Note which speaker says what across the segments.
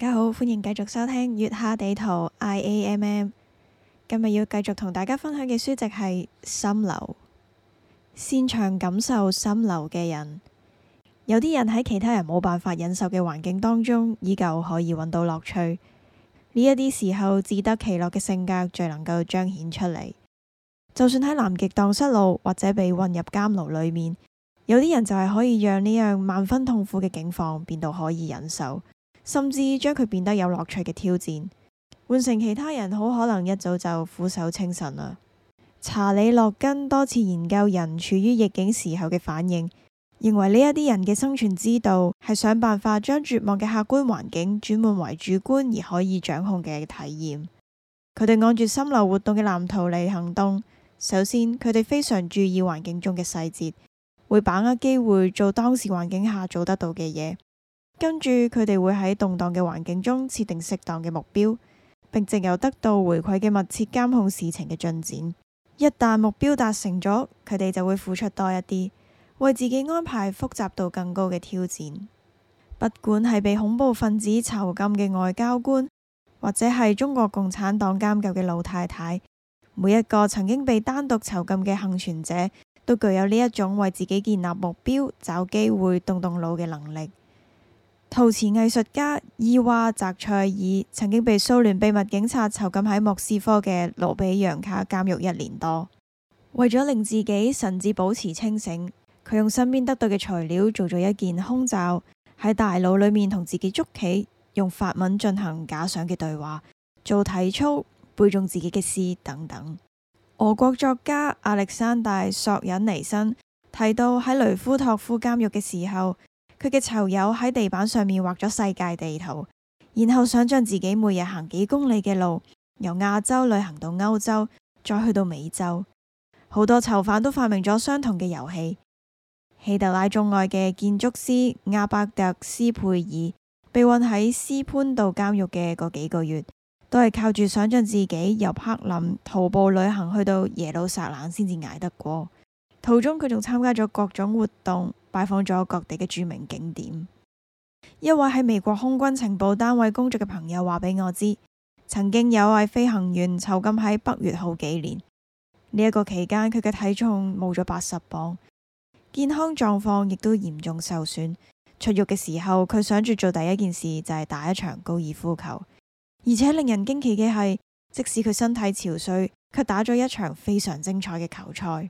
Speaker 1: 大家好，歡迎繼續收聽《月下地圖 I A M M》。今日要繼續同大家分享嘅書籍係《心流》。擅長感受心流嘅人，有啲人喺其他人冇辦法忍受嘅環境當中，依舊可以揾到樂趣。呢一啲時候自得其樂嘅性格最能夠彰顯出嚟。就算喺南極蕩失路，或者被混入監牢裏面，有啲人就係可以讓呢樣萬分痛苦嘅境況變到可以忍受。甚至將佢變得有樂趣嘅挑戰，換成其他人好可能一早就俯首稱臣啦。查理洛根多次研究人處於逆境時候嘅反應，認為呢一啲人嘅生存之道係想辦法將絕望嘅客觀環境轉換為主觀而可以掌控嘅體驗。佢哋按住心流活動嘅藍圖嚟行動，首先佢哋非常注意環境中嘅細節，會把握機會做當時環境下做得到嘅嘢。跟住，佢哋會喺動盪嘅環境中設定適當嘅目標，並藉由得到回饋嘅密切監控事情嘅進展。一旦目標達成咗，佢哋就會付出多一啲，為自己安排複雜度更高嘅挑戰。不管係被恐怖分子囚禁嘅外交官，或者係中國共產黨監教嘅老太太，每一個曾經被單獨囚禁嘅倖存者都具有呢一種為自己建立目標、找機會動動腦嘅能力。陶瓷藝術家伊娃澤塞爾曾經被蘇聯秘密警察囚禁喺莫斯科嘅羅比揚卡監獄一年多，為咗令自己神智保持清醒，佢用身邊得到嘅材料做咗一件胸罩，喺大腦裏面同自己捉棋，用法文進行假想嘅對話，做體操，背誦自己嘅詩等等。俄國作家亞歷山大索引尼辛提到喺雷夫托夫監獄嘅時候。佢嘅囚友喺地板上面畫咗世界地圖，然後想象自己每日行幾公里嘅路，由亞洲旅行到歐洲，再去到美洲。好多囚犯都發明咗相同嘅遊戲。希特拉鍾愛嘅建築師阿伯特斯佩爾被運喺斯潘道監獄嘅嗰幾個月，都係靠住想象自己由柏林徒步旅行去到耶路撒冷先至捱得過。途中佢仲參加咗各種活動。拜訪咗各地嘅著名景點。一位喺美國空軍情報單位工作嘅朋友話俾我知，曾經有位飛行員囚禁喺北越好幾年呢一、這個期間，佢嘅體重冇咗八十磅，健康狀況亦都嚴重受損。出獄嘅時候，佢想住做第一件事就係、是、打一場高爾夫球，而且令人驚奇嘅係，即使佢身體憔悴，卻打咗一場非常精彩嘅球賽。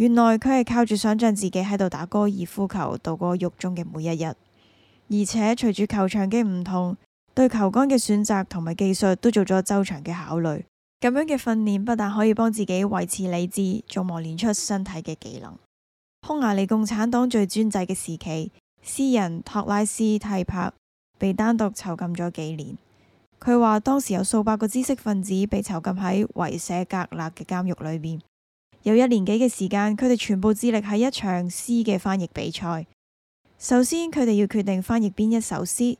Speaker 1: 原來佢係靠住想象自己喺度打高爾夫球，度過獄中嘅每一日，而且隨住球場嘅唔同，對球杆嘅選擇同埋技術都做咗周詳嘅考慮。咁樣嘅訓練不但可以幫自己維持理智，仲磨練出身體嘅技能。匈牙利共產黨最專制嘅時期，詩人托拉斯泰柏被單獨囚禁咗幾年。佢話當時有數百個知識分子被囚禁喺維舍格勒嘅監獄裏面。有一年幾嘅時間，佢哋全部致力喺一場詩嘅翻譯比賽。首先，佢哋要決定翻譯邊一首詩。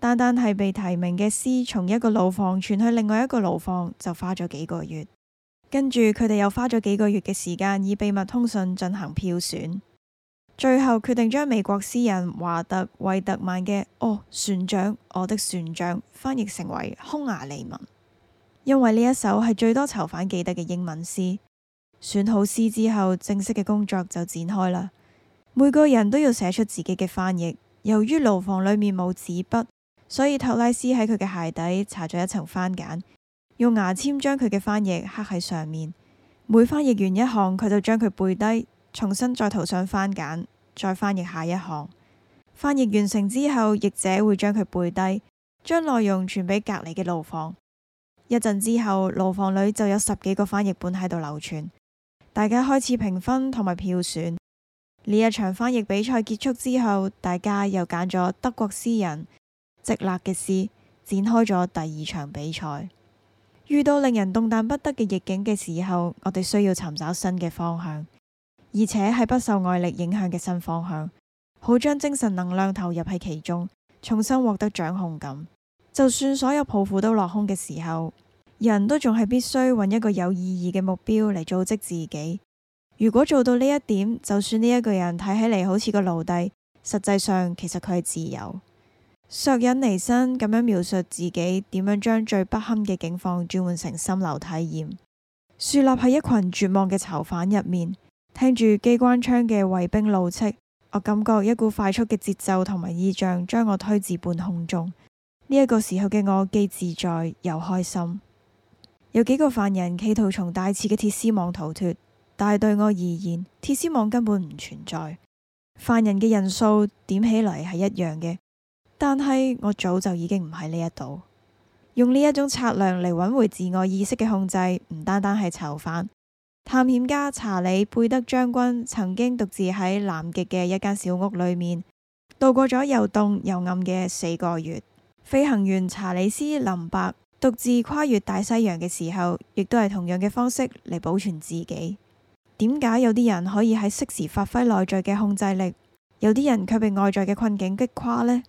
Speaker 1: 單單係被提名嘅詩，從一個牢房傳去另外一個牢房就花咗幾個月。跟住，佢哋又花咗幾個月嘅時間以秘密通訊進行票選。最後決定將美國詩人華特惠特曼嘅《哦，船長，我的船長》翻譯成為匈牙利文，因為呢一首係最多囚犯記得嘅英文詩。選好詩之後，正式嘅工作就展開啦。每個人都要寫出自己嘅翻譯。由於牢房裏面冇紙筆，所以托拉斯喺佢嘅鞋底搽咗一層番梘，用牙籤將佢嘅翻譯刻喺上面。每翻譯完一項，佢就將佢背低，重新再塗上番梘，再翻譯下一項。翻譯完成之後，譯者會將佢背低，將內容傳俾隔籬嘅牢房。一陣之後，牢房裏就有十幾個翻譯本喺度流傳。大家開始評分同埋票選。呢一場翻譯比賽結束之後，大家又揀咗德國詩人席勒嘅詩，展開咗第二場比賽。遇到令人動彈不得嘅逆境嘅時候，我哋需要尋找新嘅方向，而且係不受外力影響嘅新方向，好將精神能量投入喺其中，重新獲得掌控感。就算所有抱負都落空嘅時候。人都仲係必須搵一個有意義嘅目標嚟組織自己。如果做到呢一點，就算呢一個人睇起嚟好似個奴隸，實際上其實佢係自由。索忍尼辛咁樣描述自己點樣將最不堪嘅境況轉換成心流體驗。樹立喺一群絕望嘅囚犯入面，聽住機關槍嘅衛兵怒斥，我感覺一股快速嘅節奏同埋意象將我推至半空中。呢、這、一個時候嘅我既自在又開心。有幾個犯人企圖從帶刺嘅鐵絲網逃脫，但係對我而言，鐵絲網根本唔存在。犯人嘅人數點起嚟係一樣嘅，但係我早就已經唔喺呢一度。用呢一種策略嚟搵回自我意識嘅控制，唔單單係囚犯。探險家查理貝德將軍曾經獨自喺南極嘅一間小屋裏面，度過咗又凍又暗嘅四個月。飛行員查理斯林白，獨自跨越大西洋嘅時候，亦都係同樣嘅方式嚟保存自己。點解有啲人可以喺適時發揮內在嘅控制力，有啲人卻被外在嘅困境擊垮呢？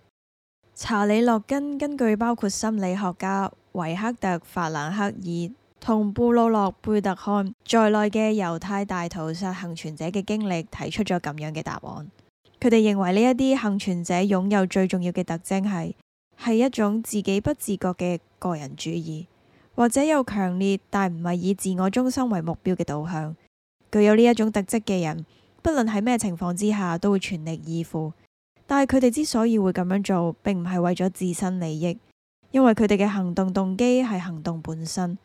Speaker 1: 查理洛根根據包括心理學家維克特法蘭克爾同布魯諾貝特漢在內嘅猶太大屠殺幸存者嘅經歷，提出咗咁樣嘅答案。佢哋認為呢一啲幸存者擁有最重要嘅特徵係。係一種自己不自覺嘅個人主義，或者有強烈但唔係以自我中心為目標嘅導向。具有呢一種特質嘅人，不論喺咩情況之下，都會全力以赴。但係佢哋之所以會咁樣做，並唔係為咗自身利益，因為佢哋嘅行動動機係行動本身，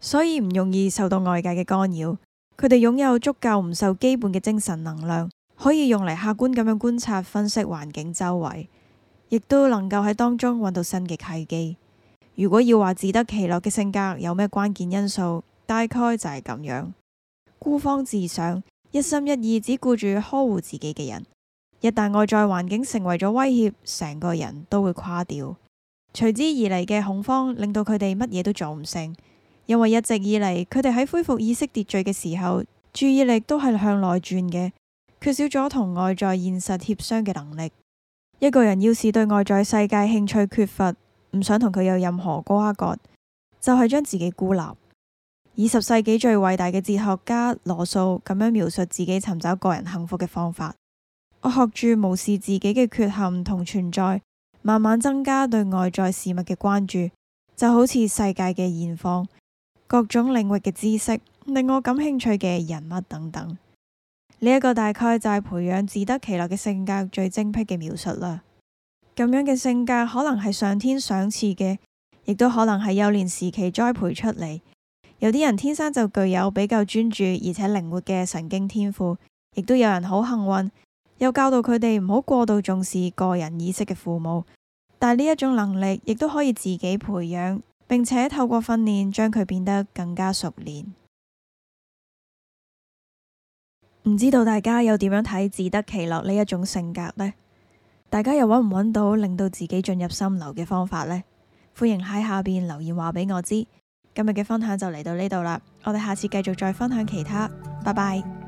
Speaker 1: 所以唔容易受到外界嘅干擾。佢哋擁有足夠唔受基本嘅精神能量，可以用嚟客觀咁樣觀察、分析環境周圍。亦都能夠喺當中揾到新嘅契機。如果要話自得其樂嘅性格有咩關鍵因素，大概就係咁樣：孤芳自賞、一心一意，只顧住呵護自己嘅人。一旦外在環境成為咗威脅，成個人都會垮掉。隨之而嚟嘅恐慌令到佢哋乜嘢都做唔成，因為一直以嚟佢哋喺恢復意識秩序嘅時候，注意力都係向內轉嘅，缺少咗同外在現實協商嘅能力。一個人要是對外在世界興趣缺乏，唔想同佢有任何瓜葛，就係將自己孤立。二十世紀最偉大嘅哲學家羅素咁樣描述自己尋找個人幸福嘅方法：我學住無視自己嘅缺陷同存在，慢慢增加對外在事物嘅關注，就好似世界嘅現況、各種領域嘅知識、令我感興趣嘅人物等等。呢一個大概就係培養自得其樂嘅性格最精闢嘅描述啦。咁樣嘅性格可能係上天賞賜嘅，亦都可能係幼年時期栽培出嚟。有啲人天生就具有比較專注而且靈活嘅神經天賦，亦都有人好幸運，又教導佢哋唔好過度重視個人意識嘅父母。但係呢一種能力亦都可以自己培養，並且透過訓練將佢變得更加熟練。唔知道大家又點樣睇自得其樂呢一種性格呢？大家又揾唔揾到令到自己進入心流嘅方法呢？歡迎喺下邊留言話俾我知。今日嘅分享就嚟到呢度啦，我哋下次繼續再分享其他。拜拜。